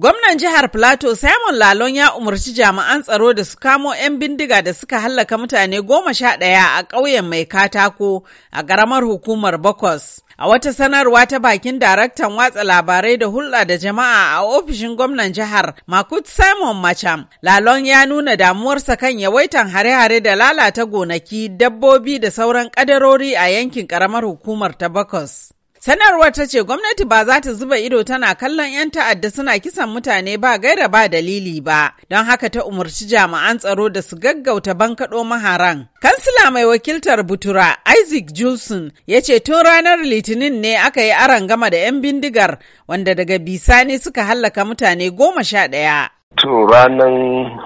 Gwamnan jihar plato Simon Lalon ya umarci jami'an tsaro da su kamo 'yan bindiga da suka hallaka mutane goma sha ɗaya a ƙauyen mai katako a ƙaramar hukumar Bokos. A wata sanarwa ta bakin daraktan watsa labarai da hulɗa da jama'a a ofishin gwamnan jihar Makut Simon Macham, Lalon ya nuna damuwarsa kan yawaitan hare-hare da lalata gonaki, dabbobi da sauran ƙadarori a yankin ƙaramar hukumar ta Bakos. Sanarwar ta ce gwamnati ba za ta zuba ido tana kallon 'yan ta'adda suna kisan mutane ba gaira ba dalili ba, don haka ta umarci jami'an tsaro da su gaggauta bankaɗo maharan. Kansila mai wakiltar Butura Isaac Juson ya ce tun ranar Litinin ne aka yi aron gama da 'yan bindigar wanda daga bisani suka hallaka mutane goma sha ɗaya. ranar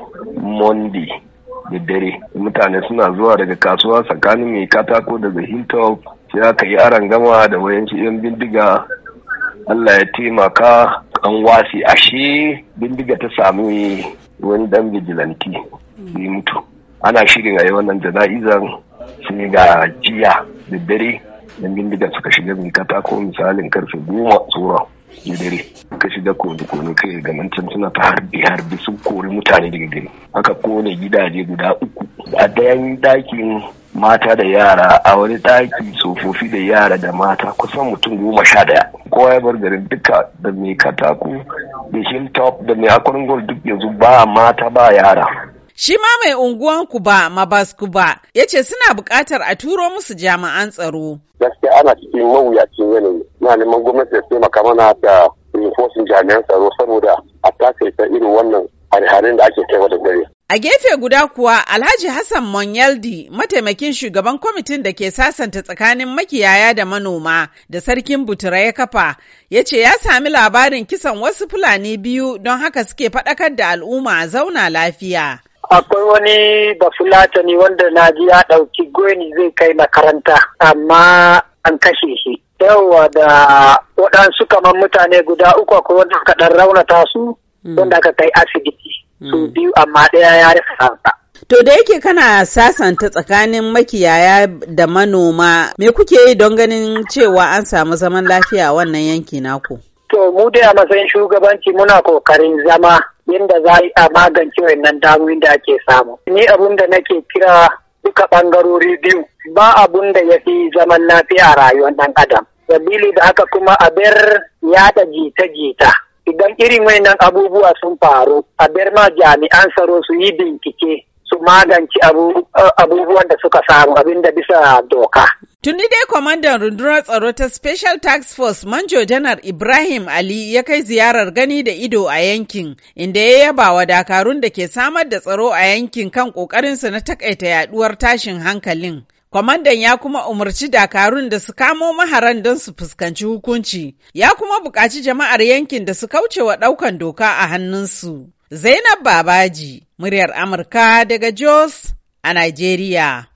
da dare mutane suna zuwa daga kasuwa tsakanin mai katako daga Hilltop sai aka yi aron gama da wayansu yan bindiga Allah ya taimaka an wasi ashe bindiga ta sami wani dan bijilanti ya mutu ana shirin a yi wannan jana'izan sai ga jiya da dare dan bindiga suka shiga mai katako misalin karfe goma tsoron da dare ka shiga kone kone kai ga mancan suna ta harbi harbi sun kori mutane daga gari aka kone gidaje guda uku a dayan dakin mata da yara a wani ɗaki tsofaffi da yara da mata kusan mutum goma sha ɗaya kowa ya bar garin duka da mai katako da top da mai akwarin duk yanzu ba mata ba yara Shi ma mai unguwan Kuba, Mabas ba. ya ce suna buƙatar a turo musu jami'an tsaro. Gaskiya ana cikin mawuyacin yanayi, na neman gwamnati da taimaka mana da rinfosin jami'an tsaro saboda a tasirta irin wannan hare-haren da ake kai da dare. A gefe guda kuwa Alhaji Hassan Monyaldi mataimakin shugaban kwamitin da ke sasanta tsakanin makiyaya da manoma da sarkin Butura ya kafa ya ce ya sami labarin kisan wasu Fulani biyu don haka suke faɗakar da al'umma a zauna lafiya. Akwai wani ne wanda na ji ya ɗauki gweni zai kai makaranta amma an kashe shi. Yawwa da waɗansu kamar mutane guda uku akwai wanda aka ɗan raunata su hmm. wanda aka kai asibiti. su hmm. biyu amma ɗaya ya rasa ransa. To da yake kana sasanta tsakanin makiyaya da manoma, me kuke yi don ganin cewa an samu zaman lafiya wannan yanki naku? To mu dai a matsayin shugabanci muna kokarin zama yadda za a magance wannan damuwin da ake samu. Ni abun da nake kira duka ɓangarori biyu ba abun da ya fi zaman lafiya a rayuwar ɗan adam. Sabili da haka kuma a bar yada jita-jita. idan irin wayannan abubuwa sun faru a ma jami'an tsaro su yi bincike su magance eh, abubuwan da suka samu abinda bisa doka. Tuni dai kwamandan rundunar tsaro ta Special Task Force Manjo Janar Ibrahim Ali ya kai ziyarar gani da ido a yankin, inda ya yaba wa dakarun da ke samar da tsaro a yankin kan kokarinsa na takaita yaduwar tashin hankalin. Kwamandan ya kuma umarci dakarun da su kamo maharan don su fuskanci hukunci, ya kuma buƙaci jama'ar yankin da su kauce wa ɗaukan doka a hannunsu. Zainab Babaji, muryar Amurka daga Jos a Najeriya.